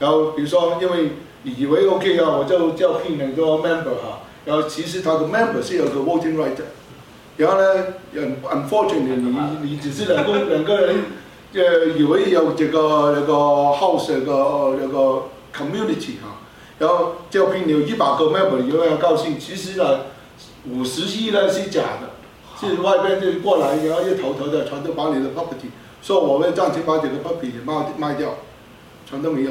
然後比如說，因為你以為 OK 啊，我就招聘嚟個 member 哈、啊，然後其實他的 member 是有個 voting right。然後呢 unfortunately 你你只是兩個兩個人，誒，以為有這個那個 house 個那個 community 哈、啊，然後招聘你一百個 member，非要高興？其實呢五十億呢是假的，是外邊就過來，然後就偷偷的全都把你的 property，所以我們暫時把這個 property 賣賣掉，全都沒有。